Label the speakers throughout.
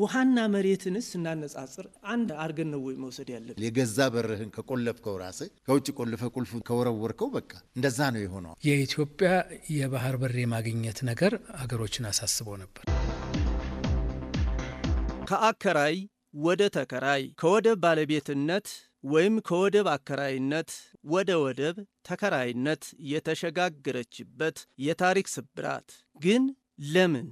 Speaker 1: ውሃና መሬትንስ ስናነጻጽር አንድ አርገን ነው ወይ መውሰድ ያለብን?
Speaker 2: የገዛ በርህን ከቆለፍከው ራስ ከውጭ ቆልፈ ቁልፍ ከወረወርከው በቃ እንደዛ ነው የሆነው።
Speaker 3: የኢትዮጵያ የባህር በር የማግኘት ነገር አገሮችን አሳስበው ነበር።
Speaker 4: ከአከራይ ወደ ተከራይ፣ ከወደብ ባለቤትነት ወይም ከወደብ አከራይነት ወደ ወደብ ተከራይነት የተሸጋገረችበት የታሪክ ስብራት ግን ለምን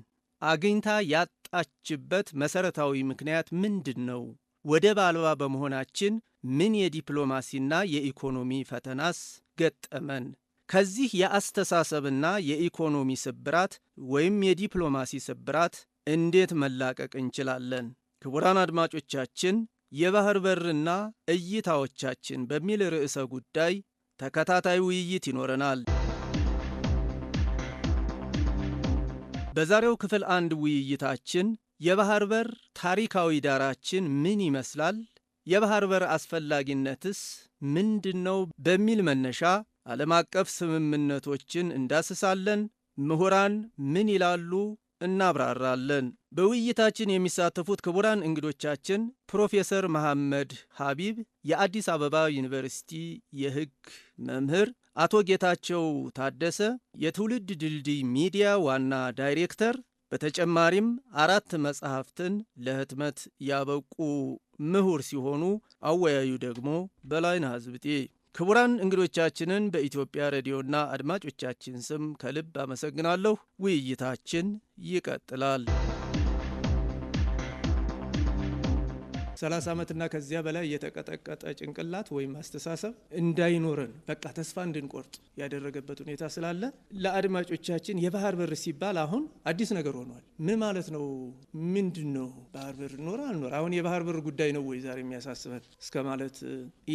Speaker 4: አግኝታ ያጣ የመጣችበት መሠረታዊ ምክንያት ምንድን ነው? ወደብ አልባ በመሆናችን ምን የዲፕሎማሲና የኢኮኖሚ ፈተናስ ገጠመን? ከዚህ የአስተሳሰብና የኢኮኖሚ ስብራት ወይም የዲፕሎማሲ ስብራት እንዴት መላቀቅ እንችላለን? ክቡራን አድማጮቻችን የባህር በርና እይታዎቻችን በሚል ርዕሰ ጉዳይ ተከታታይ ውይይት ይኖረናል። በዛሬው ክፍል አንድ ውይይታችን የባህር በር ታሪካዊ ዳራችን ምን ይመስላል፣ የባህር በር አስፈላጊነትስ ምንድን ነው በሚል መነሻ ዓለም አቀፍ ስምምነቶችን እንዳስሳለን። ምሁራን ምን ይላሉ እናብራራለን። በውይይታችን የሚሳተፉት ክቡራን እንግዶቻችን ፕሮፌሰር መሐመድ ሀቢብ የአዲስ አበባ ዩኒቨርሲቲ የሕግ መምህር አቶ ጌታቸው ታደሰ የትውልድ ድልድይ ሚዲያ ዋና ዳይሬክተር፣ በተጨማሪም አራት መጽሐፍትን ለህትመት ያበቁ ምሁር ሲሆኑ አወያዩ ደግሞ በላይነህ አዝብጤ። ክቡራን እንግዶቻችንን በኢትዮጵያ ሬዲዮና አድማጮቻችን ስም ከልብ አመሰግናለሁ። ውይይታችን ይቀጥላል።
Speaker 5: 30 ዓመትና ከዚያ በላይ የተቀጠቀጠ ጭንቅላት ወይም አስተሳሰብ እንዳይኖረን በቃ ተስፋ እንድንቆርጥ ያደረገበት ሁኔታ ስላለ ለአድማጮቻችን የባህር በር ሲባል አሁን አዲስ ነገር ሆኗል። ምን ማለት ነው? ምንድን ነው ባህር በር ኖረ አልኖረ? አሁን የባህር በር ጉዳይ ነው ወይ ዛሬ የሚያሳስበን እስከ ማለት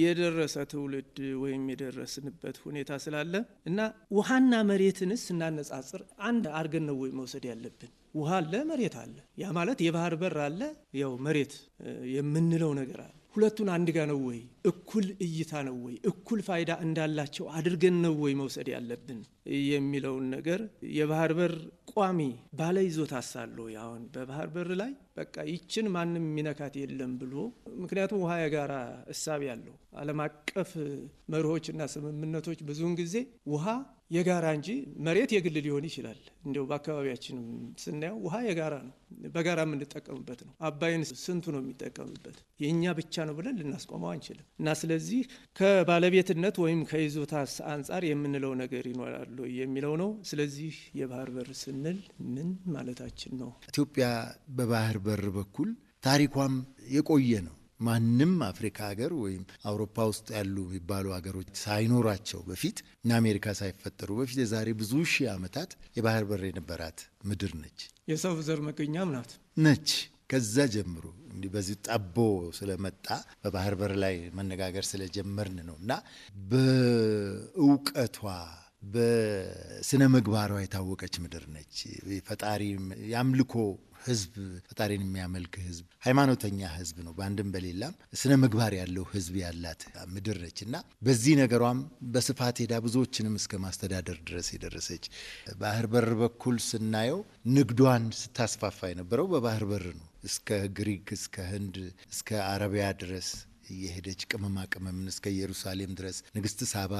Speaker 5: የደረሰ ትውልድ ወይም የደረስንበት ሁኔታ ስላለ እና ውሃና መሬትንስ ስናነጻጽር አንድ አርገን ነው ወይ መውሰድ ያለብን? ውሃ አለ፣ መሬት አለ። ያ ማለት የባህር በር አለ፣ ያው መሬት የምንለው ነገር አለ። ሁለቱን አንድ ጋ ነው ወይ እኩል እይታ ነው ወይ እኩል ፋይዳ እንዳላቸው አድርገን ነው ወይ መውሰድ ያለብን የሚለውን ነገር የባህር በር ቋሚ ባለ ይዞታ ሳለ አሁን በባህር በር ላይ በቃ ይችን ማንም የሚነካት የለም ብሎ ምክንያቱም ውሃ የጋራ እሳቢ ያለው ዓለም አቀፍ መርሆችና ስምምነቶች ብዙውን ጊዜ ውሃ የጋራ እንጂ መሬት የግል ሊሆን ይችላል። እንዲያው በአካባቢያችን ስናየው ውሃ የጋራ ነው፣ በጋራ የምንጠቀምበት ነው። አባይን ስንቱ ነው የሚጠቀምበት? የእኛ ብቻ ነው ብለን ልናስቆመው አንችልም። እና ስለዚህ ከባለቤትነት ወይም ከይዞታ አንጻር የምንለው ነገር ይኖራሉ የሚለው ነው። ስለዚህ የባህር በር ስንል ምን ማለታችን ነው?
Speaker 6: ኢትዮጵያ በባህር በር በኩል ታሪኳም የቆየ ነው። ማንም አፍሪካ ሀገር ወይም አውሮፓ ውስጥ ያሉ የሚባሉ ሀገሮች ሳይኖራቸው በፊት እና አሜሪካ ሳይፈጠሩ በፊት የዛሬ ብዙ ሺህ ዓመታት የባህር በር የነበራት ምድር ነች።
Speaker 5: የሰው ዘር መገኛም ናት
Speaker 6: ነች። ከዛ ጀምሮ እንዲህ በዚህ ጠቦ ስለመጣ በባህር በር ላይ መነጋገር ስለጀመርን ነው እና በእውቀቷ በስነ ምግባሯ የታወቀች ምድር ነች። ፈጣሪ የአምልኮ ህዝብ ፈጣሪን የሚያመልክ ህዝብ፣ ሃይማኖተኛ ህዝብ ነው። በአንድም በሌላም ስነ ምግባር ያለው ህዝብ ያላት ምድር ነች እና በዚህ ነገሯም በስፋት ሄዳ ብዙዎችንም እስከ ማስተዳደር ድረስ የደረሰች ባህር በር በኩል ስናየው ንግዷን ስታስፋፋ የነበረው በባህር በር ነው። እስከ ግሪክ፣ እስከ ህንድ፣ እስከ አረቢያ ድረስ እየሄደች ቅመማ ቅመምን እስከ ኢየሩሳሌም ድረስ ንግስት ሳባ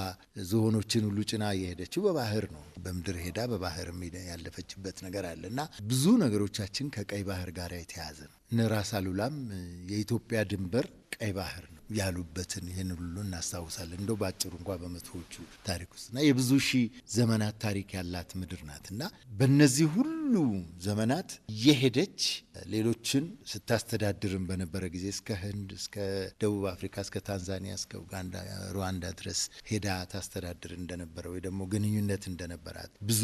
Speaker 6: ዝሆኖችን ሁሉ ጭና እየሄደችው በባህር ነው። በምድር ሄዳ በባህር ያለፈችበት ነገር አለ እና ብዙ ነገሮቻችን ከቀይ ባህር ጋር የተያያዘ ነው። እነ ራስ አሉላም የኢትዮጵያ ድንበር ቀይ ባህር ነው ያሉበትን ይህን ሁሉ እናስታውሳለን። እንደው በአጭሩ እንኳ በመቶዎቹ ታሪክ ውስጥ የብዙ ሺህ ዘመናት ታሪክ ያላት ምድር ናት እና በእነዚህ ሁሉ ዘመናት እየሄደች ሌሎችን ስታስተዳድርም በነበረ ጊዜ እስከ ህንድ፣ እስከ ደቡብ አፍሪካ፣ እስከ ታንዛኒያ፣ እስከ ኡጋንዳ፣ ሩዋንዳ ድረስ ሄዳ ታስተዳድር እንደነበረ ወይ ደግሞ ግንኙነት እንደነበራት ብዙ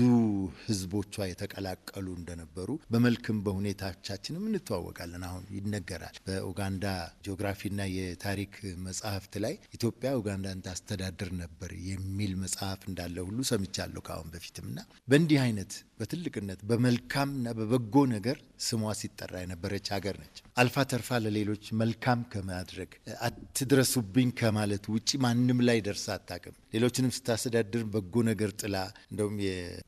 Speaker 6: ህዝቦቿ የተቀላቀሉ እንደነበሩ በመልክም በሁኔታቻችንም እንተዋወቃለን። አሁን ይነገራል በኡጋንዳ ጂኦግራፊ እና የታሪክ መጽሐፍት ላይ ኢትዮጵያ ኡጋንዳን ታስተዳድር ነበር የሚል መጽሐፍ እንዳለ ሁሉ ሰምቻለሁ ከአሁን በፊትም ና በእንዲህ አይነት በትልቅነት ና በበጎ ነገር ስሟ ሲጠራ የነበረች ሀገር ነች። አልፋ ተርፋ ለሌሎች መልካም ከማድረግ አትድረሱብኝ ከማለት ውጭ ማንም ላይ ደርሳ አታቅም። ሌሎችንም ስታስተዳድር በጎ ነገር ጥላ እንደውም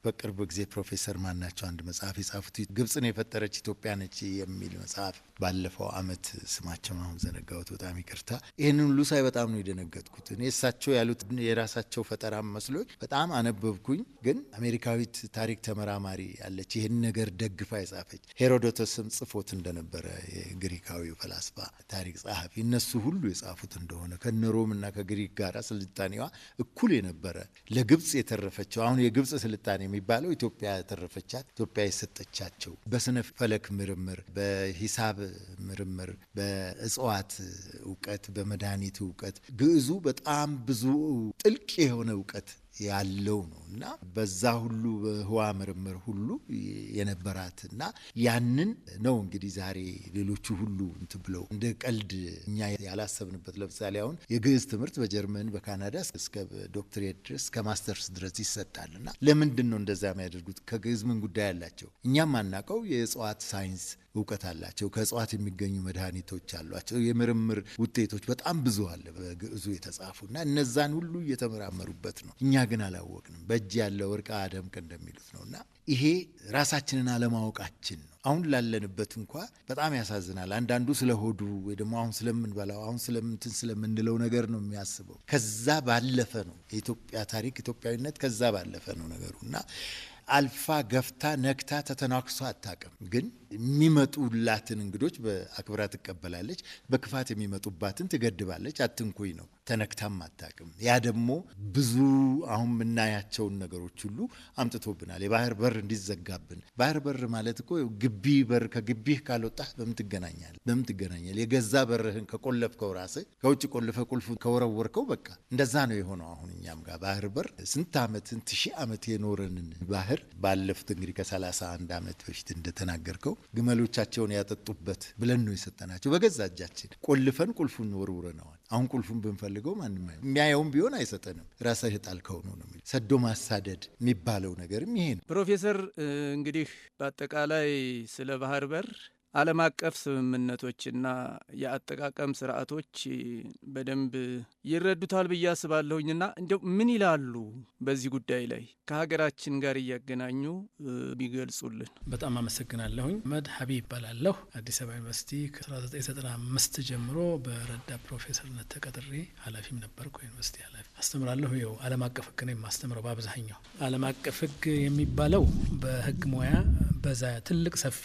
Speaker 6: በቅርብ ጊዜ ፕሮፌሰር ማናቸው አንድ መጽሐፍ የጻፉት ግብፅን የፈጠረች ኢትዮጵያ ነች የሚል መጽሐፍ ባለፈው ዓመት ስማቸውን አሁን ዘነጋሁት በጣም ይቅርታ። ይህንን ሁሉ ሳይ በጣም ነው የደነገጥኩት። እኔ እሳቸው ያሉት የራሳቸው ፈጠራ መስሎች በጣም አነበብኩኝ። ግን አሜሪካዊት ታሪክ ተመራማሪ ያለች ይህን ነገር ደግፋ የጻፈች ሄሮዶተስም ጽፎት እንደነበረ የግሪካዊው ፈላስፋ ታሪክ ጸሐፊ እነሱ ሁሉ የጻፉት እንደሆነ ከነሮም እና ከግሪክ ጋር ስልጣኔዋ እኩል የነበረ ለግብፅ የተረፈችው አሁን የግብፅ ስልጣኔ የሚባለው ኢትዮጵያ ያተረፈቻት ኢትዮጵያ የሰጠቻቸው በስነ ፈለክ ምርምር፣ በሂሳብ ምርምር፣ በእጽዋት እውቀት፣ በመድኃኒት እውቀት ግዕዙ በጣም ብዙ ጥልቅ የሆነ እውቀት ያለው ነው እና በዛ ሁሉ በህዋ ምርምር ሁሉ የነበራት እና ያንን ነው እንግዲህ ዛሬ ሌሎቹ ሁሉ እንት ብለው እንደ ቀልድ እኛ ያላሰብንበት ለምሳሌ አሁን የግዕዝ ትምህርት በጀርመን በካናዳ እስከ ዶክትሬት ድረስ እስከ ማስተርስ ድረስ ይሰጣል እና ለምንድን ነው እንደዛ የሚያደርጉት? ከግዕዝ ምን ጉዳይ አላቸው? እኛም አናውቀው የእጽዋት ሳይንስ እውቀት አላቸው። ከእጽዋት የሚገኙ መድኃኒቶች አሏቸው። የምርምር ውጤቶች በጣም ብዙ አለ በግዕዙ የተጻፉ እና እነዛን ሁሉ እየተመራመሩበት ነው እኛ ግን አላወቅንም። በእጅ ያለ ወርቅ አደምቅ እንደሚሉት ነው እና ይሄ ራሳችንን አለማወቃችን ነው። አሁን ላለንበት እንኳ በጣም ያሳዝናል። አንዳንዱ ስለ ሆዱ ወይ ደግሞ አሁን ስለምንበላው አሁን ስለምንትን ስለምንለው ነገር ነው የሚያስበው። ከዛ ባለፈ ነው የኢትዮጵያ ታሪክ ኢትዮጵያዊነት ከዛ ባለፈ ነው ነገሩ እና አልፋ ገፍታ ነክታ ተተናክሶ አታውቅም ግን የሚመጡላትን እንግዶች በአክብራ ትቀበላለች፣ በክፋት የሚመጡባትን ትገድባለች። አትንኩኝ ነው፣ ተነክታም አታቅም። ያ ደግሞ ብዙ አሁን የምናያቸውን ነገሮች ሁሉ አምጥቶብናል። የባህር በር እንዲዘጋብን። ባህር በር ማለት እኮ ግቢ በር፣ ከግቢህ ካልወጣህ በምን ትገናኛለህ? በምን ትገናኛለህ? የገዛ በርህን ከቆለፍከው ራስህ ከውጭ ቆልፈ ቁልፉን ከወረወርከው በቃ እንደዛ ነው የሆነው። አሁን እኛም ጋር ባህር በር ስንት ዓመት ስንት ሺህ ዓመት የኖረንን ባህር ባለፉት እንግዲህ ከ31 ዓመት በፊት እንደተናገርከው ግመሎቻቸውን ያጠጡበት ብለን ነው የሰጠናቸው። በገዛ እጃችን ቆልፈን ቁልፉን ወርውረነዋል። አሁን ቁልፉን ብንፈልገው ማንም የሚያየውም ቢሆን አይሰጠንም። ራስህ ጣልከው ነው ነው ሰዶ ማሳደድ የሚባለው ነገርም ይሄ ነው።
Speaker 7: ፕሮፌሰር እንግዲህ በአጠቃላይ ስለ ባህር በር ዓለም አቀፍ ስምምነቶችና የአጠቃቀም ስርዓቶች በደንብ ይረዱታል ብዬ አስባለሁኝና እንዲያው ምን ይላሉ በዚህ ጉዳይ ላይ ከሀገራችን ጋር እያገናኙ ቢገልጹልን
Speaker 8: በጣም አመሰግናለሁኝ። መድ ሀቢብ ይባላለሁ። አዲስ አበባ ዩኒቨርሲቲ ከ1995 ጀምሮ በረዳ ፕሮፌሰርነት ተቀጥሬ ኃላፊም ነበርኩ። ዩኒቨርሲቲ ኃላፊ አስተምራለሁ። ይኸው ዓለም አቀፍ ህግ ነው የማስተምረው በአብዛኛው። ዓለም አቀፍ ህግ የሚባለው በህግ ሙያ በዛ ትልቅ ሰፊ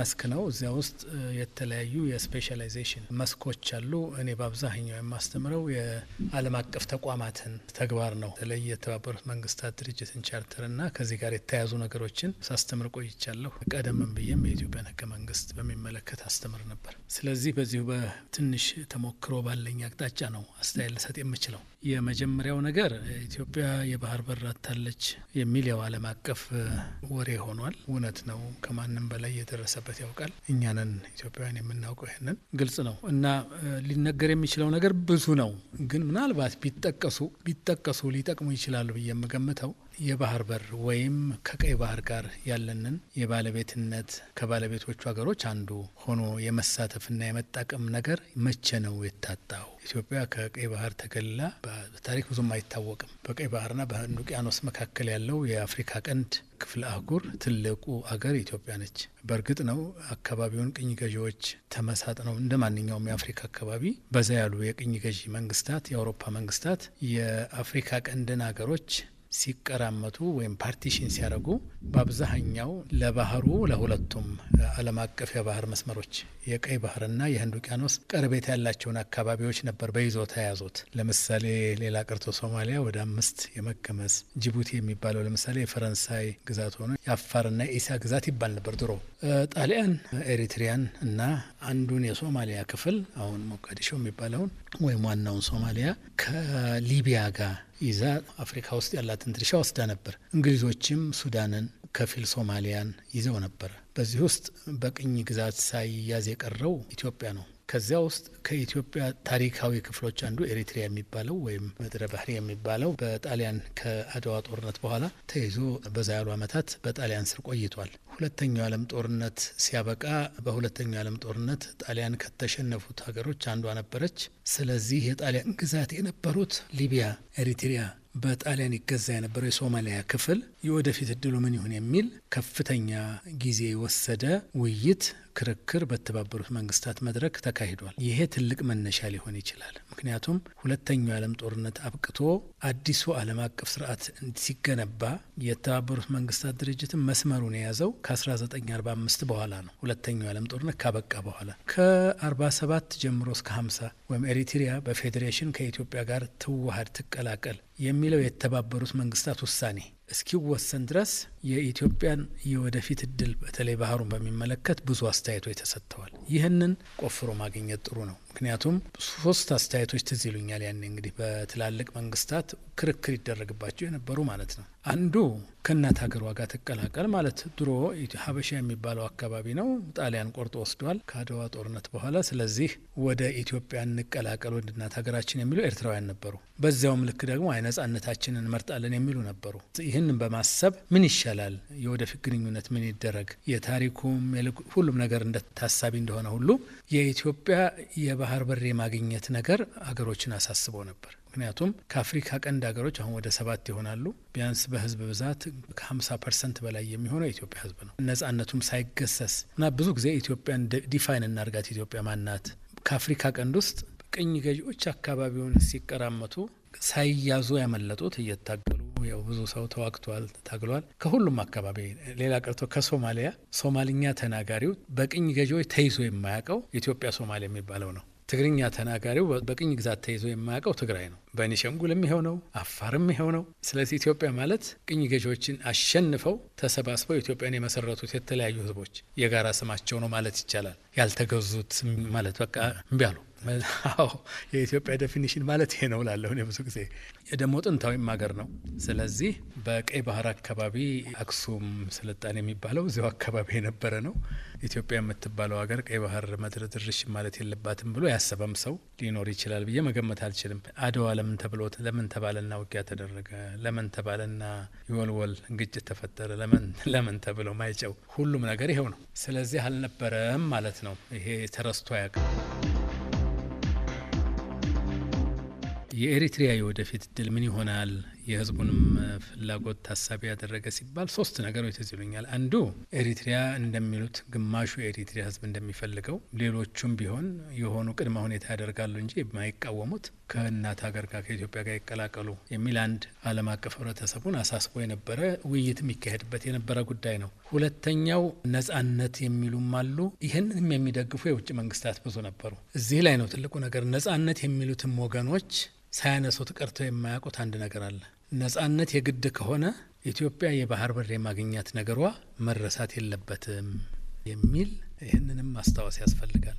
Speaker 8: መስክ ነው። ኢትዮጵያ ውስጥ የተለያዩ የስፔሻላይዜሽን መስኮች አሉ። እኔ በአብዛኛው የማስተምረው የዓለም አቀፍ ተቋማትን ተግባር ነው። በተለይ የተባበሩት መንግስታት ድርጅትን ቻርተርና ከዚህ ጋር የተያያዙ ነገሮችን ሳስተምር ቆይቻለሁ። ቀደምም ብዬም የኢትዮጵያን ህገ መንግስት በሚመለከት አስተምር ነበር። ስለዚህ በዚሁ በትንሽ ተሞክሮ ባለኝ አቅጣጫ ነው አስተያየት ልሰጥ የምችለው። የመጀመሪያው ነገር ኢትዮጵያ የባህር በር አታለች የሚል ያው ዓለም አቀፍ ወሬ ሆኗል። እውነት ነው። ከማንም በላይ የደረሰበት ያውቃል። እኛንን ኢትዮጵያውያን የምናውቀው ይህንን ግልጽ ነው እና ሊነገር የሚችለው ነገር ብዙ ነው። ግን ምናልባት ቢጠቀሱ ቢጠቀሱ ሊጠቅሙ ይችላሉ ብዬ የምገምተው የባህር በር ወይም ከቀይ ባህር ጋር ያለንን የባለቤትነት ከባለቤቶቹ ሀገሮች አንዱ ሆኖ የመሳተፍና የመጣቀም ነገር መቼ ነው የታጣው? ኢትዮጵያ ከቀይ ባህር ተገላ በታሪክ ብዙም አይታወቅም። በቀይ ባህርና በህንዱ ውቅያኖስ መካከል ያለው የአፍሪካ ቀንድ ክፍለ አህጉር ትልቁ አገር ኢትዮጵያ ነች። በእርግጥ ነው አካባቢውን ቅኝ ገዢዎች ተመሳጥ ነው እንደ ማንኛውም የአፍሪካ አካባቢ በዛ ያሉ የቅኝ ገዢ መንግስታት፣ የአውሮፓ መንግስታት የአፍሪካ ቀንድን ሀገሮች ሲቀራመቱ ወይም ፓርቲሽን ሲያደርጉ በአብዛኛው ለባህሩ ለሁለቱም ዓለም አቀፍ የባህር መስመሮች የቀይ ባህርና የህንድ ውቅያኖስ ቅርበት ያላቸውን አካባቢዎች ነበር በይዞታ የያዙት። ለምሳሌ ሌላ ቅርቶ ሶማሊያ ወደ አምስት የመቀመስ ጅቡቲ የሚባለው ለምሳሌ የፈረንሳይ ግዛት ሆኖ የአፋርና የኢሳ ግዛት ይባል ነበር ድሮ። ጣሊያን ኤሪትሪያን እና አንዱን የሶማሊያ ክፍል አሁን ሞቃዲሾ የሚባለውን ወይም ዋናውን ሶማሊያ ከሊቢያ ጋር ይዛ አፍሪካ ውስጥ ያላትን ድርሻ ወስዳ ነበር። እንግሊዞችም ሱዳንን፣ ከፊል ሶማሊያን ይዘው ነበር። በዚህ ውስጥ በቅኝ ግዛት ሳይያዝ የቀረው ኢትዮጵያ ነው። ከዚያ ውስጥ ከኢትዮጵያ ታሪካዊ ክፍሎች አንዱ ኤሪትሪያ የሚባለው ወይም ምድረ ባህሪ የሚባለው በጣሊያን ከአድዋ ጦርነት በኋላ ተይዞ በዛ ያሉ ዓመታት በጣሊያን ስር ቆይቷል። ሁለተኛው ዓለም ጦርነት ሲያበቃ በሁለተኛው ዓለም ጦርነት ጣሊያን ከተሸነፉት ሀገሮች አንዷ ነበረች። ስለዚህ የጣሊያን ግዛት የነበሩት ሊቢያ፣ ኤሪትሪያ በጣሊያን ይገዛ የነበረው የሶማሊያ ክፍል የወደፊት እድሉ ምን ይሁን የሚል ከፍተኛ ጊዜ የወሰደ ውይይት ክርክር በተባበሩት መንግስታት መድረክ ተካሂዷል። ይሄ ትልቅ መነሻ ሊሆን ይችላል። ምክንያቱም ሁለተኛው የዓለም ጦርነት አብቅቶ አዲሱ ዓለም አቀፍ ስርዓት ሲገነባ የተባበሩት መንግስታት ድርጅትን መስመሩን የያዘው ከ1945 በኋላ ነው። ሁለተኛው የዓለም ጦርነት ካበቃ በኋላ ከ47 ጀምሮ እስከ 50 ወይም ኤሪትሪያ በፌዴሬሽን ከኢትዮጵያ ጋር ትዋሃድ ትቀላቀል የሚለው የተባበሩት መንግስታት ውሳኔ እስኪወሰን ድረስ የኢትዮጵያን የወደፊት እድል በተለይ ባህሩን በሚመለከት ብዙ አስተያየቶች ተሰጥተዋል። ይህንን ቆፍሮ ማግኘት ጥሩ ነው። ምክንያቱም ሶስት አስተያየቶች ትዝ ይሉኛል። ያኔ እንግዲህ በትላልቅ መንግስታት ክርክር ይደረግባቸው የነበሩ ማለት ነው። አንዱ ከእናት ሀገር ዋጋ ትቀላቀል ማለት ድሮ ሀበሻ የሚባለው አካባቢ ነው ጣሊያን ቆርጦ ወስዷል ከአድዋ ጦርነት በኋላ። ስለዚህ ወደ ኢትዮጵያ እንቀላቀል ወደ እናት ሀገራችን የሚሉ ኤርትራውያን ነበሩ። በዚያውም ልክ ደግሞ አይ ነጻነታችንን እንመርጣለን የሚሉ ነበሩ። ይህንን በማሰብ ምን ይሻል ይቻላል፣ የወደፊት ግንኙነት ምን ይደረግ፣ የታሪኩም ሁሉም ነገር እንደ ታሳቢ እንደሆነ ሁሉ የኢትዮጵያ የባህር በር የማግኘት ነገር አገሮችን አሳስቦ ነበር። ምክንያቱም ከአፍሪካ ቀንድ ሀገሮች አሁን ወደ ሰባት ይሆናሉ። ቢያንስ በህዝብ ብዛት ከ50 ፐርሰንት በላይ የሚሆነው የኢትዮጵያ ህዝብ ነው። ነጻነቱም ሳይገሰስ እና ብዙ ጊዜ ኢትዮጵያን ዲፋይን እናርጋት ኢትዮጵያ ማናት ከአፍሪካ ቀንድ ውስጥ ቅኝ ገዢዎች አካባቢውን ሲቀራመቱ ሳይያዙ ያመለጡት እየታገሉ ያው ብዙ ሰው ተዋግቷል፣ ታግሏል። ከሁሉም አካባቢ ሌላ ቀርቶ ከሶማሊያ ሶማልኛ ተናጋሪው በቅኝ ገዢዎች ተይዞ የማያውቀው ኢትዮጵያ ሶማሌ የሚባለው ነው። ትግርኛ ተናጋሪው በቅኝ ግዛት ተይዞ የማያውቀው ትግራይ ነው። በኒሸንጉል የሚሆነው ነው፣ አፋርም ይኸው ነው። ስለዚህ ኢትዮጵያ ማለት ቅኝ ገዢዎችን አሸንፈው ተሰባስበው ኢትዮጵያን የመሰረቱት የተለያዩ ህዝቦች የጋራ ስማቸው ነው ማለት ይቻላል። ያልተገዙት ማለት በቃ እምቢ አሉ። አዎ የኢትዮጵያ ዴፊኒሽን ማለት ይሄ ነው ላለሁ ብዙ ጊዜ ደግሞ ጥንታዊም ሀገር ነው። ስለዚህ በቀይ ባህር አካባቢ አክሱም ስልጣኔ የሚባለው እዚያው አካባቢ የነበረ ነው። ኢትዮጵያ የምትባለው ሀገር ቀይ ባህር መድረድርሽ ማለት የለባትም ብሎ ያሰበም ሰው ሊኖር ይችላል ብዬ መገመት አልችልም። አድዋ ለምን ተብሎ ለምን ተባለና ውጊያ ተደረገ? ለምን ተባለና ይወልወል ግጭት ተፈጠረ? ለምን ለምን ተብሎ ማይጨው ሁሉም ነገር ይኸው ነው። ስለዚህ አልነበረም ማለት ነው። ይሄ ተረስቶ አያውቅም። የኤሪትሪያ የወደፊት እድል ምን ይሆናል የህዝቡንም ፍላጎት ታሳቢ ያደረገ ሲባል ሶስት ነገሮች ትዝ ይሉኛል። አንዱ ኤሪትሪያ እንደሚሉት ግማሹ የኤሪትሪያ ህዝብ እንደሚፈልገው ሌሎቹም ቢሆን የሆኑ ቅድመ ሁኔታ ያደርጋሉ እንጂ የማይቃወሙት ከእናት ሀገር ጋር ከኢትዮጵያ ጋር ይቀላቀሉ የሚል አንድ ዓለም አቀፍ ህብረተሰቡን አሳስቦ የነበረ ውይይት የሚካሄድበት የነበረ ጉዳይ ነው። ሁለተኛው ነጻነት የሚሉም አሉ። ይህንንም የሚደግፉ የውጭ መንግስታት ብዙ ነበሩ። እዚህ ላይ ነው ትልቁ ነገር። ነጻነት የሚሉትም ወገኖች ሳያነሱት ቀርተው የማያውቁት አንድ ነገር አለ። ነጻነት የግድ ከሆነ ኢትዮጵያ የባህር በር የማግኘት ነገሯ መረሳት የለበትም የሚል ይህንንም ማስታወስ ያስፈልጋል።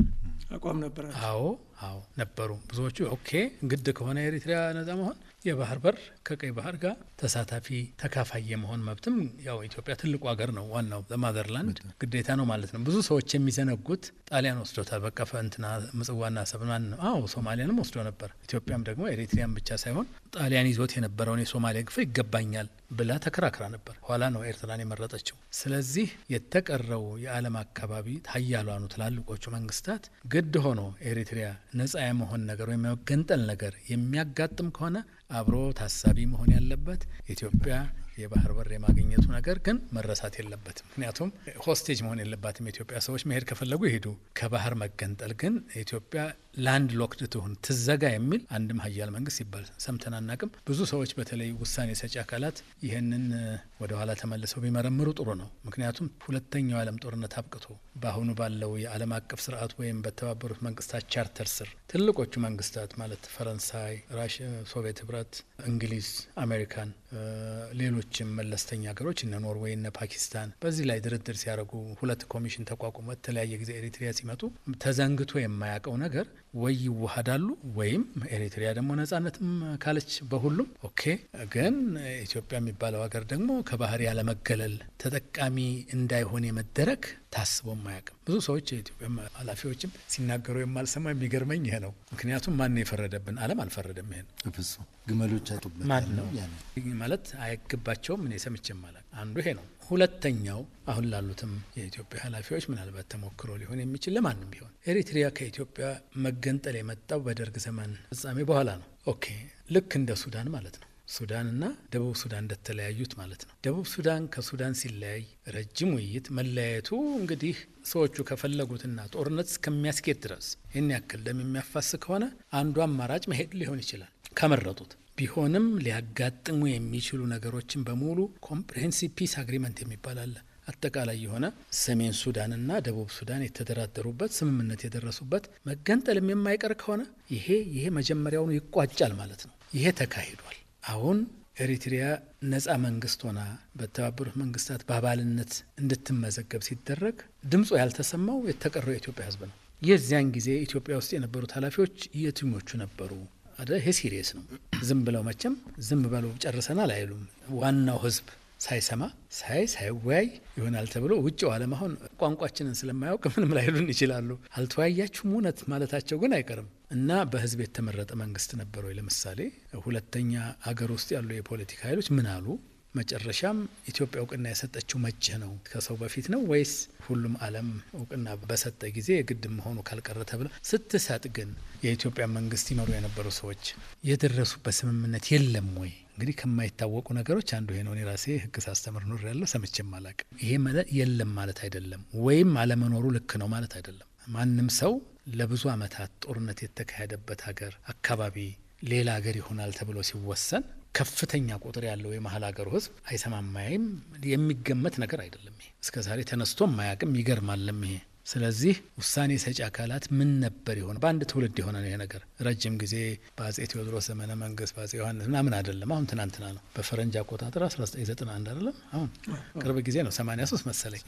Speaker 8: አቋም ነበረ። አዎ አዎ ነበሩ ብዙዎቹ። ኦኬ ግድ ከሆነ ኤሪትሪያ ነጻ መሆን የባህር በር ከቀይ ባህር ጋር ተሳታፊ ተካፋይ የመሆን መብትም ያው ኢትዮጵያ ትልቁ ሀገር ነው፣ ዋናው ማዘርላንድ ግዴታ ነው ማለት ነው። ብዙ ሰዎች የሚዘነጉት ጣሊያን ወስዶታል። በቃ ፈንትና ምጽዋና ሰብናን አዎ ሶማሊያንም ወስዶ ነበር። ኢትዮጵያም ደግሞ ኤሪትሪያን ብቻ ሳይሆን ጣሊያን ይዞት የነበረውን የሶማሊያ ግፍ ይገባኛል ብላ ተከራክራ ነበር። ኋላ ነው ኤርትራን የመረጠችው። ስለዚህ የተቀረው የዓለም አካባቢ ሀያሏኑ ትላልቆቹ መንግስታት ግድ ሆኖ ኤሪትሪያ ነጻ የመሆን ነገር ወይም የመገንጠል ነገር የሚያጋጥም ከሆነ አብሮ ታሳቢ መሆን ያለበት ኢትዮጵያ የባህር በር የማግኘቱ ነገር ግን መረሳት የለበትም። ምክንያቱም ሆስቴጅ መሆን የለባትም። የኢትዮጵያ ሰዎች መሄድ ከፈለጉ ይሄዱ። ከባህር መገንጠል ግን ኢትዮጵያ ላንድ ሎክድ ትሁን ትዘጋ የሚል አንድም ሀያል መንግስት ይባል ሰምተን አናቅም። ብዙ ሰዎች በተለይ ውሳኔ ሰጪ አካላት ይህንን ወደ ኋላ ተመልሰው ቢመረምሩ ጥሩ ነው። ምክንያቱም ሁለተኛው አለም ጦርነት አብቅቶ በአሁኑ ባለው የዓለም አቀፍ ስርዓት ወይም በተባበሩት መንግስታት ቻርተር ስር ትልቆቹ መንግስታት ማለት ፈረንሳይ፣ ራሽያ፣ ሶቪየት ህብረት፣ እንግሊዝ፣ አሜሪካን፣ ሌሎችም መለስተኛ ሀገሮች እነ ኖርዌይ፣ እነ ፓኪስታን በዚህ ላይ ድርድር ሲያደርጉ ሁለት ኮሚሽን ተቋቁሞ በተለያየ ጊዜ ኤሪትሪያ ሲመጡ ተዘንግቶ የማያውቀው ነገር ወይ ይዋሃዳሉ ወይም ኤሪትሪያ ደግሞ ነጻነትም ካለች በሁሉም ኦኬ። ግን ኢትዮጵያ የሚባለው ሀገር ደግሞ ከባህር ያለመገለል ተጠቃሚ እንዳይሆን የመደረግ ታስቦም አያውቅም። ብዙ ሰዎች የኢትዮጵያ ኃላፊዎችም ሲናገሩ የማልሰማ የሚገርመኝ ይሄ ነው። ምክንያቱም ማን የፈረደብን? ዓለም አልፈረደም። ይሄ
Speaker 6: ነው ግመሎች
Speaker 8: ማን ነው ማለት አይገባቸውም። እኔ ሰምቼ አላውቅም። አንዱ ይሄ ነው። ሁለተኛው አሁን ላሉትም የኢትዮጵያ ኃላፊዎች ምናልባት ተሞክሮ ሊሆን የሚችል ለማንም ቢሆን ኤሪትሪያ ከኢትዮጵያ መገንጠል የመጣው በደርግ ዘመን ፍጻሜ በኋላ ነው። ኦኬ ልክ እንደ ሱዳን ማለት ነው። ሱዳንና ደቡብ ሱዳን እንደተለያዩት ማለት ነው። ደቡብ ሱዳን ከሱዳን ሲለያይ ረጅም ውይይት መለያየቱ እንግዲህ ሰዎቹ ከፈለጉትና ጦርነት እስከሚያስኬድ ድረስ ይህን ያክል ደም የሚያፋስ ከሆነ አንዱ አማራጭ መሄድ ሊሆን ይችላል ከመረጡት ቢሆንም ሊያጋጥሙ የሚችሉ ነገሮችን በሙሉ ኮምፕሬሄንሲቭ ፒስ አግሪመንት የሚባል አለ። አጠቃላይ የሆነ ሰሜን ሱዳንና ደቡብ ሱዳን የተደራደሩበት ስምምነት የደረሱበት መገንጠልም የማይቀር ከሆነ ይሄ ይሄ መጀመሪያውኑ ይቋጫል ማለት ነው። ይሄ ተካሂዷል። አሁን ኤሪትሪያ ነጻ መንግስት ሆና በተባበሩት መንግስታት በአባልነት እንድትመዘገብ ሲደረግ ድምፁ ያልተሰማው የተቀረው የኢትዮጵያ ህዝብ ነው። የዚያን ጊዜ ኢትዮጵያ ውስጥ የነበሩት ኃላፊዎች የትኞቹ ነበሩ? አደ ይሄ ሲሪየስ ነው። ዝም ብለው መቼም ዝም በሉ ጨርሰናል አይሉም። ዋናው ህዝብ ሳይሰማ ሳይ ሳይወያይ ይሆናል ተብሎ ውጭው ዓለም አሁን ቋንቋችንን ስለማያውቅ ምንም ላይሉን ይችላሉ። አልተወያያችሁም እውነት ማለታቸው ግን አይቀርም እና በህዝብ የተመረጠ መንግስት ነበር ወይ? ለምሳሌ ሁለተኛ አገር ውስጥ ያሉ የፖለቲካ ኃይሎች ምን አሉ? መጨረሻም ኢትዮጵያ እውቅና የሰጠችው መቼ ነው? ከሰው በፊት ነው ወይስ ሁሉም ዓለም እውቅና በሰጠ ጊዜ የግድ መሆኑ ካልቀረ ተብለ ስትሰጥ ግን የኢትዮጵያ መንግስት ይመሩ የነበሩ ሰዎች የደረሱበት ስምምነት የለም ወይ? እንግዲህ ከማይታወቁ ነገሮች አንዱ ይሄ ነው። እኔ ራሴ ህግ ሳስተምር ኖር ያለው ሰምቼም አላቅ። ይሄ የለም ማለት አይደለም ወይም አለመኖሩ ልክ ነው ማለት አይደለም። ማንም ሰው ለብዙ ዓመታት ጦርነት የተካሄደበት ሀገር አካባቢ ሌላ ሀገር ይሆናል ተብሎ ሲወሰን ከፍተኛ ቁጥር ያለው የመሀል ሀገሩ ህዝብ አይሰማማይም። የሚገመት ነገር አይደለም። ይሄ እስከ ዛሬ ተነስቶ ማያቅም ይገርማለም። ይሄ ስለዚህ ውሳኔ ሰጪ አካላት ምን ነበር የሆነ በአንድ ትውልድ የሆነ ነው ይሄ ነገር። ረጅም ጊዜ በአጼ ቴዎድሮስ ዘመነ መንግስት በአጼ ዮሐንስ ምናምን አይደለም። አሁን ትናንትና ነው በፈረንጅ አቆጣጠር 1991 አይደለም። አሁን ቅርብ ጊዜ ነው 83 መሰለኝ።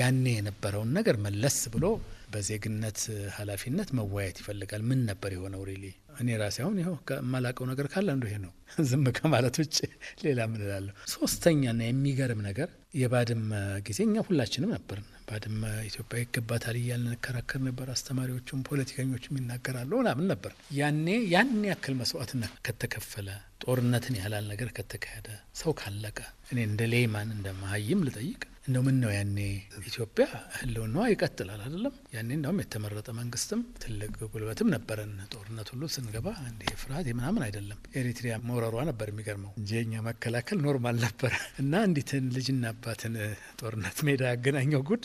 Speaker 8: ያኔ የነበረውን ነገር መለስ ብሎ በዜግነት ኃላፊነት መወያየት ይፈልጋል። ምን ነበር የሆነው ሪሊ እኔ ራሴ አሁን ይኸው የማላቀው ነገር ካለ አንዱ ይሄ ነው፣ ዝም ከማለት ውጭ ሌላ ምን እላለሁ። ሶስተኛና የሚገርም ነገር የባድመ ጊዜ እኛ ሁላችንም ነበርን። ባድመ ኢትዮጵያ ይገባታል እያልን እንከራከር ነበር። አስተማሪዎቹም ፖለቲከኞቹም ይናገራሉ ምናምን ነበር። ያኔ ያን ያክል መስዋዕትነት ከተከፈለ ጦርነትን ያህላል ነገር ከተካሄደ ሰው ካለቀ እኔ እንደ ሌማን እንደ መሀይም ልጠይቅ እንደው ምን ነው ያኔ ኢትዮጵያ ህልውናዋ ይቀጥላል አይደለም? ያኔ እንደውም የተመረጠ መንግስትም ትልቅ ጉልበትም ነበረን። ጦርነት ሁሉ ስንገባ እንዲህ ፍርሃት የምናምን አይደለም። ኤሪትሪያ መውረሯ ነበር የሚገርመው እንጂ የኛ መከላከል ኖርማል ነበረ። እና እንዲትን ልጅና አባትን ጦርነት ሜዳ ያገናኘው ጉድ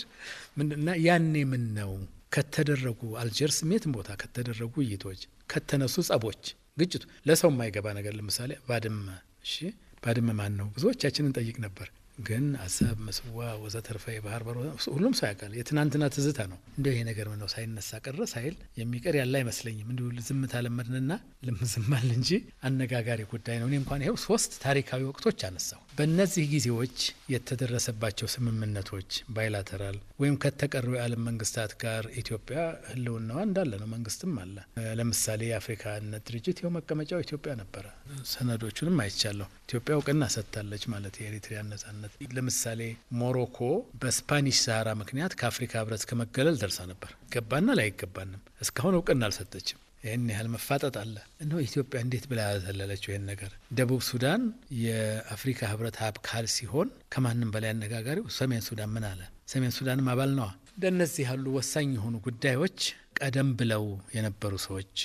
Speaker 8: ምንና ያኔ ምን ነው ከተደረጉ አልጀርስ ስሜትን ቦታ ከተደረጉ ውይይቶች፣ ከተነሱ ጸቦች፣ ግጭቱ ለሰው የማይገባ ነገር ለምሳሌ ባድመ። እሺ ባድመ ማን ነው? ብዙዎቻችንን ጠይቅ ነበር ግን አሰብ፣ ምጽዋ ወዘተርፈ የባህር በር ሁሉም ሰው ያውቃል። የትናንትና ትዝታ ነው። እንዲያው ይሄ ነገር ምነው ሳይነሳ ቀረ ሳይል የሚቀር ያለ አይመስለኝም። እንዲሁ ዝምታ ለመድንና ልምዝማል እንጂ አነጋጋሪ ጉዳይ ነው። እኔ እንኳን ይኸው ሶስት ታሪካዊ ወቅቶች አነሳሁ። በእነዚህ ጊዜዎች የተደረሰባቸው ስምምነቶች ባይላተራል ወይም ከተቀሩ የዓለም መንግስታት ጋር ኢትዮጵያ ህልውናዋ እንዳለ ነው። መንግስትም አለ። ለምሳሌ የአፍሪካ ድርጅት ይኸው መቀመጫው ኢትዮጵያ ነበረ። ሰነዶቹንም አይቻለሁ። ኢትዮጵያ እውቅና ሰጥታለች ማለት የኤሪትሪያ ነጻነት። ለምሳሌ ሞሮኮ በስፓኒሽ ሰሃራ ምክንያት ከአፍሪካ ህብረት ከመገለል ደርሳ ነበር። ይገባናል አይገባንም፣ እስካሁን እውቅና አልሰጠችም። ይህን ያህል መፋጠጥ አለ። እነሆ ኢትዮጵያ እንዴት ብላ ያዘለለችው ይህን ነገር። ደቡብ ሱዳን የአፍሪካ ህብረት አካል ሲሆን ከማንም በላይ አነጋጋሪው ሰሜን ሱዳን ምን አለ? ሰሜን ሱዳንም አባል ነዋ። እንደነዚህ ያሉ ወሳኝ የሆኑ ጉዳዮች ቀደም ብለው የነበሩ ሰዎች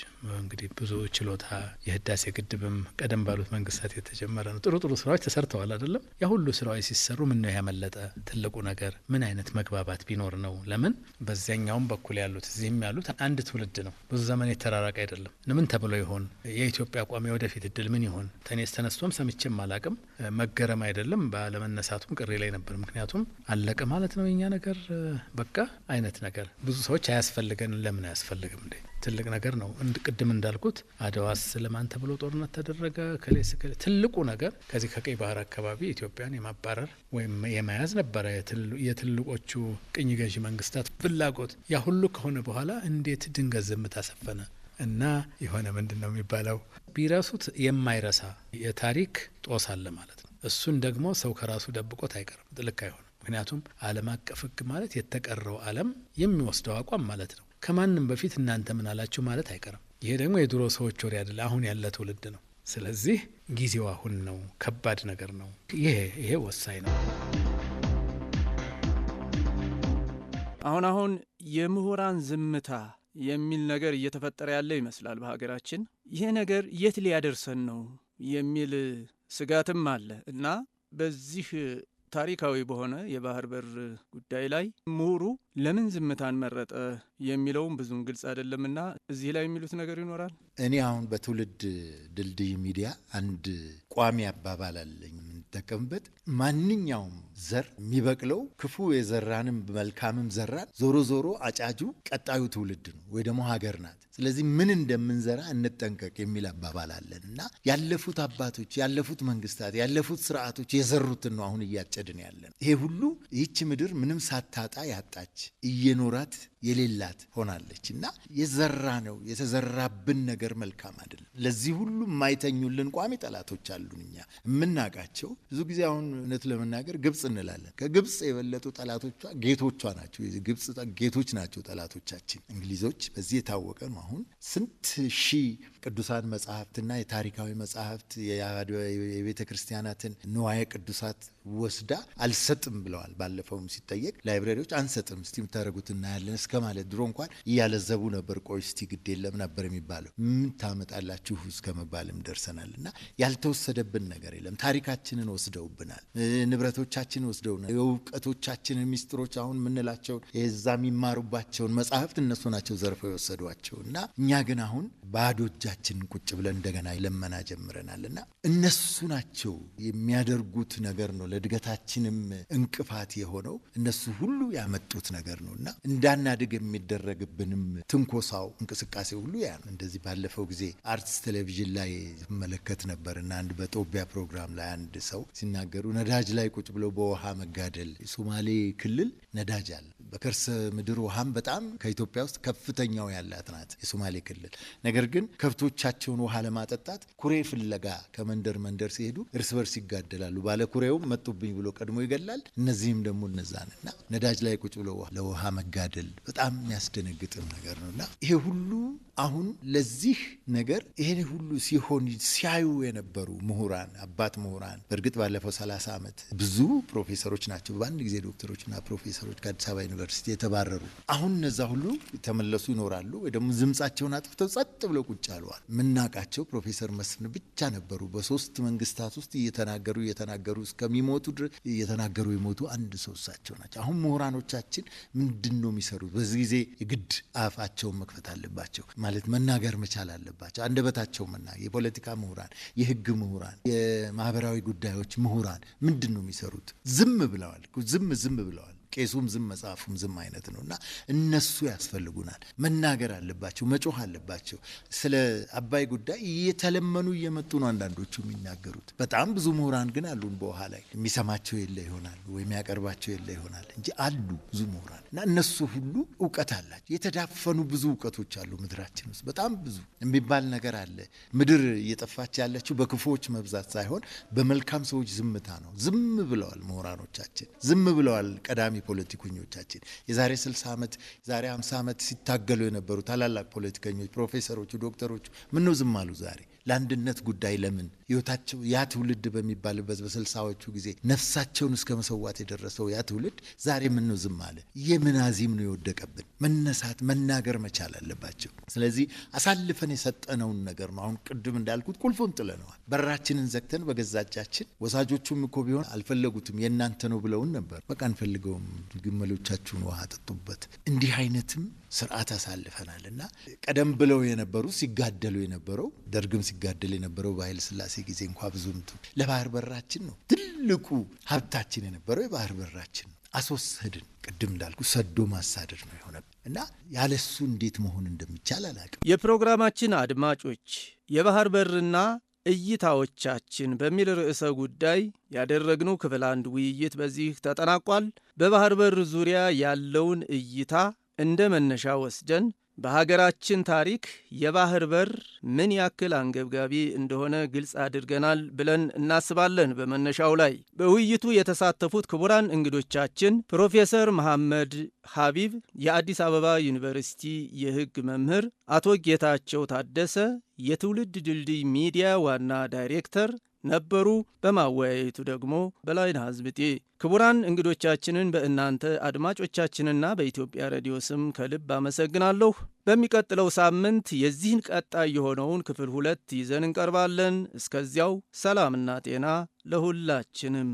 Speaker 8: እንግዲህ ብዙ ችሎታ የህዳሴ ግድብም ቀደም ባሉት መንግስታት የተጀመረ ነው። ጥሩ ጥሩ ስራዎች ተሰርተዋል አይደለም? ያ ሁሉ ስራዎች ሲሰሩ ምን ነው ያመለጠ? ትልቁ ነገር ምን አይነት መግባባት ቢኖር ነው? ለምን በዚያኛውም በኩል ያሉት እዚህም ያሉት አንድ ትውልድ ነው። ብዙ ዘመን የተራራቀ አይደለም። ለምን ተብሎ ይሆን? የኢትዮጵያ አቋም የወደፊት እድል ምን ይሆን? ተኔስ ተነስቶም ሰምቼም አላቅም። መገረም አይደለም ባለመነሳቱም ቅሬ ላይ ነበር። ምክንያቱም አለቀ ማለት ነው የኛ ነገር በቃ አይነት ነገር ብዙ ሰዎች አያስፈልገን ለምን ለምን አያስፈልግም እንዴ? ትልቅ ነገር ነው። ቅድም እንዳልኩት አድዋስ ለማን ተብሎ ጦርነት ተደረገ? ከሌስ ትልቁ ነገር ከዚህ ከቀይ ባህር አካባቢ ኢትዮጵያን የማባረር ወይም የመያዝ ነበረ የትልቆቹ ቅኝ ገዢ መንግስታት ፍላጎት። ያ ሁሉ ከሆነ በኋላ እንዴት ድንገት ዝምታ ሰፈነ? እና የሆነ ምንድን ነው የሚባለው ቢረሱት የማይረሳ የታሪክ ጦስ አለ ማለት ነው። እሱን ደግሞ ሰው ከራሱ ደብቆት አይቀርም። ልክ አይሆንም። ምክንያቱም ዓለም አቀፍ ሕግ ማለት የተቀረው ዓለም የሚወስደው አቋም ማለት ነው። ከማንም በፊት እናንተ ምን አላችሁ ማለት አይቀርም። ይሄ ደግሞ የድሮ ሰዎች ወሬ አይደለ፣ አሁን ያለ ትውልድ ነው። ስለዚህ ጊዜው አሁን ነው። ከባድ ነገር ነው። ይሄ ይሄ ወሳኝ ነው።
Speaker 7: አሁን አሁን የምሁራን ዝምታ የሚል ነገር እየተፈጠረ ያለ ይመስላል በሀገራችን። ይሄ ነገር የት ሊያደርሰን ነው የሚል ስጋትም አለ እና በዚህ ታሪካዊ በሆነ የባህር በር ጉዳይ ላይ ምሁሩ ለምን ዝምታን መረጠ የሚለውም ብዙም ግልጽ አይደለምና እዚህ ላይ የሚሉት ነገር ይኖራል።
Speaker 6: እኔ አሁን በትውልድ ድልድይ ሚዲያ አንድ ቋሚ አባባል አለኝ የምንጠቀምበት ማንኛውም ዘር የሚበቅለው ክፉ የዘራንም መልካምም ዘራን ዞሮ ዞሮ አጫጁ ቀጣዩ ትውልድ ነው ወይ ደግሞ ሀገር ናት። ስለዚህ ምን እንደምንዘራ እንጠንቀቅ የሚል አባባል አለን እና ያለፉት አባቶች፣ ያለፉት መንግስታት፣ ያለፉት ስርዓቶች የዘሩትን ነው አሁን እያጨድን ያለን። ይሄ ሁሉ ይህች ምድር ምንም ሳታጣ ያጣች እየኖራት የሌላት ሆናለች እና የዘራ ነው የተዘራብን ነገር መልካም አይደለም። ለዚህ ሁሉ የማይተኙልን ቋሚ ጠላቶች አሉን እኛ የምናውቃቸው ብዙ ጊዜ አሁን እውነት ለመናገር ግብፅ ግብጽ እንላለን። ከግብጽ የበለጡ ጠላቶቿ ጌቶቿ ናቸው። ግብጽ ጌቶች ናቸው ጠላቶቻችን። እንግሊዞች በዚህ የታወቀ ነው። አሁን ስንት ሺህ ቅዱሳት መጽሐፍትና የታሪካዊ መጽሐፍት የቤተ ክርስቲያናትን ንዋየ ቅዱሳት ወስዳ አልሰጥም ብለዋል። ባለፈውም ሲጠየቅ ላይብራሪዎች አንሰጥም እስቲ የምታደርጉት እናያለን እስከ ማለት ድሮ እንኳን እያለዘቡ ነበር። ቆይ እስቲ ግድ የለም ነበር የሚባለው ምን ታመጣላችሁ እስከ መባልም ደርሰናል። እና ያልተወሰደብን ነገር የለም። ታሪካችንን ወስደውብናል። ንብረቶቻችን ወስደው የእውቀቶቻችንን ሚስጥሮች አሁን የምንላቸውን የዛ የሚማሩባቸውን መጽሐፍት እነሱ ናቸው ዘርፈው የወሰዷቸው እና እኛ ግን አሁን ባዶ እጃ ሁላችንን ቁጭ ብለን እንደገና ለመና ጀምረናል እና እነሱ ናቸው የሚያደርጉት ነገር ነው ለእድገታችንም እንቅፋት የሆነው እነሱ ሁሉ ያመጡት ነገር ነው እና እንዳናድግ የሚደረግብንም ትንኮሳው እንቅስቃሴ ሁሉ ያ ነው። እንደዚህ ባለፈው ጊዜ አርትስ ቴሌቪዥን ላይ መለከት ነበር እና አንድ በጦቢያ ፕሮግራም ላይ አንድ ሰው ሲናገሩ ነዳጅ ላይ ቁጭ ብለው በውሃ መጋደል ሶማሌ ክልል ነዳጅ አለ በከርሰ ምድር ውሃም በጣም ከኢትዮጵያ ውስጥ ከፍተኛው ያላት ናት የሶማሌ ክልል። ነገር ግን ከብቶቻቸውን ውሃ ለማጠጣት ኩሬ ፍለጋ ከመንደር መንደር ሲሄዱ እርስ በርስ ይጋደላሉ። ባለ ኩሬውም መጡብኝ ብሎ ቀድሞ ይገላል። እነዚህም ደግሞ እነዛንና ነዳጅ ላይ ቁጭ ብሎ ለውሃ መጋደል በጣም የሚያስደነግጥም ነገር ነውና ይሄ ሁሉ አሁን ለዚህ ነገር ይሄ ሁሉ ሲሆን ሲያዩ የነበሩ ምሁራን አባት ምሁራን በእርግጥ ባለፈው 30 ዓመት ብዙ ፕሮፌሰሮች ናቸው በአንድ ጊዜ ዶክተሮችና ፕሮፌሰሮች ከአዲስ አበባ ዩኒቨርሲቲ የተባረሩ። አሁን እነዛ ሁሉ ተመለሱ ይኖራሉ ወይ ደግሞ ዝምጻቸውን አጥፍተው ጸጥ ብለው ቁጭ አለዋል። ምናቃቸው ፕሮፌሰር መስፍን ብቻ ነበሩ። በሶስት መንግስታት ውስጥ እየተናገሩ እየተናገሩ እስከሚሞቱ ድረስ እየተናገሩ የሞቱ አንድ ሰው እሳቸው ናቸው። አሁን ምሁራኖቻችን ምንድን ነው የሚሰሩት? በዚህ ጊዜ የግድ አፋቸውን መክፈት አለባቸው። ማለት መናገር መቻል አለባቸው። አንደበታቸው መና የፖለቲካ ምሁራን፣ የህግ ምሁራን፣ የማህበራዊ ጉዳዮች ምሁራን ምንድን ነው የሚሰሩት? ዝም ብለዋል። ዝም ዝም ብለዋል። ቄሱም ዝም መጽሐፉም ዝም አይነት ነው እና እነሱ ያስፈልጉናል። መናገር አለባቸው፣ መጮህ አለባቸው። ስለ አባይ ጉዳይ እየተለመኑ እየመጡ ነው አንዳንዶቹ የሚናገሩት። በጣም ብዙ ምሁራን ግን አሉን በውሃ ላይ የሚሰማቸው የለ ይሆናል ወይም ያቀርባቸው የለ ይሆናል እንጂ አሉ ብዙ ምሁራን እና እነሱ ሁሉ እውቀት አላቸው። የተዳፈኑ ብዙ እውቀቶች አሉ ምድራችን ውስጥ በጣም ብዙ የሚባል ነገር አለ። ምድር እየጠፋች ያለችው በክፉዎች መብዛት ሳይሆን በመልካም ሰዎች ዝምታ ነው። ዝም ብለዋል ምሁራኖቻችን፣ ዝም ብለዋል ቀዳሚ ፖለቲከኞቻችን የዛሬ 60 ዓመት ዛሬ 50 ዓመት ሲታገሉ የነበሩ ታላላቅ ፖለቲከኞች፣ ፕሮፌሰሮቹ፣ ዶክተሮቹ ምን ነው ዝም አሉ ዛሬ? ለአንድነት ጉዳይ ለምን ህይወታቸው ያ ትውልድ በሚባልበት በስልሳዎቹ ጊዜ ነፍሳቸውን እስከ መሰዋት የደረሰው ያ ትውልድ ዛሬ ምን ነው ዝም አለ? የምን አዚም ነው የወደቀብን? መነሳት መናገር መቻል አለባቸው። ስለዚህ አሳልፈን የሰጠነውን ነገር ነው። አሁን ቅድም እንዳልኩት ቁልፉን ጥለነዋል። በራችንን ዘግተን በገዛጃችን ወሳጆቹም እኮ ቢሆን አልፈለጉትም። የእናንተ ነው ብለውን ነበር። በቃ አንፈልገውም፣ ግመሎቻችሁን ውሃ ጠጡበት። እንዲህ አይነትም ስርዓት አሳልፈናል እና ቀደም ብለው የነበሩ ሲጋደሉ የነበረው ደርግም ሲጋደል የነበረው በኃይለ ሥላሴ ጊዜ እንኳ ብዙም ለባህር በራችን ነው ትልቁ ሀብታችን የነበረው የባህር በራችን ነው። አስወሰድን። ቅድም እንዳልኩ ሰዶ ማሳደድ ነው የሆነ እና ያለሱ እንዴት መሆን እንደሚቻል አላቅም።
Speaker 4: የፕሮግራማችን አድማጮች የባህር በርና እይታዎቻችን በሚል ርዕሰ ጉዳይ ያደረግነው ክፍል አንድ ውይይት በዚህ ተጠናቋል። በባህር በር ዙሪያ ያለውን እይታ እንደ መነሻ ወስደን በሀገራችን ታሪክ የባህር በር ምን ያክል አንገብጋቢ እንደሆነ ግልጽ አድርገናል ብለን እናስባለን። በመነሻው ላይ በውይይቱ የተሳተፉት ክቡራን እንግዶቻችን ፕሮፌሰር መሐመድ ሐቢብ የአዲስ አበባ ዩኒቨርሲቲ የሕግ መምህር፣ አቶ ጌታቸው ታደሰ የትውልድ ድልድይ ሚዲያ ዋና ዳይሬክተር ነበሩ። በማወያየቱ ደግሞ በላይን አዝብጤ ክቡራን እንግዶቻችንን በእናንተ አድማጮቻችንና በኢትዮጵያ ሬዲዮ ስም ከልብ አመሰግናለሁ። በሚቀጥለው ሳምንት የዚህን ቀጣይ የሆነውን ክፍል ሁለት ይዘን እንቀርባለን። እስከዚያው ሰላምና ጤና ለሁላችንም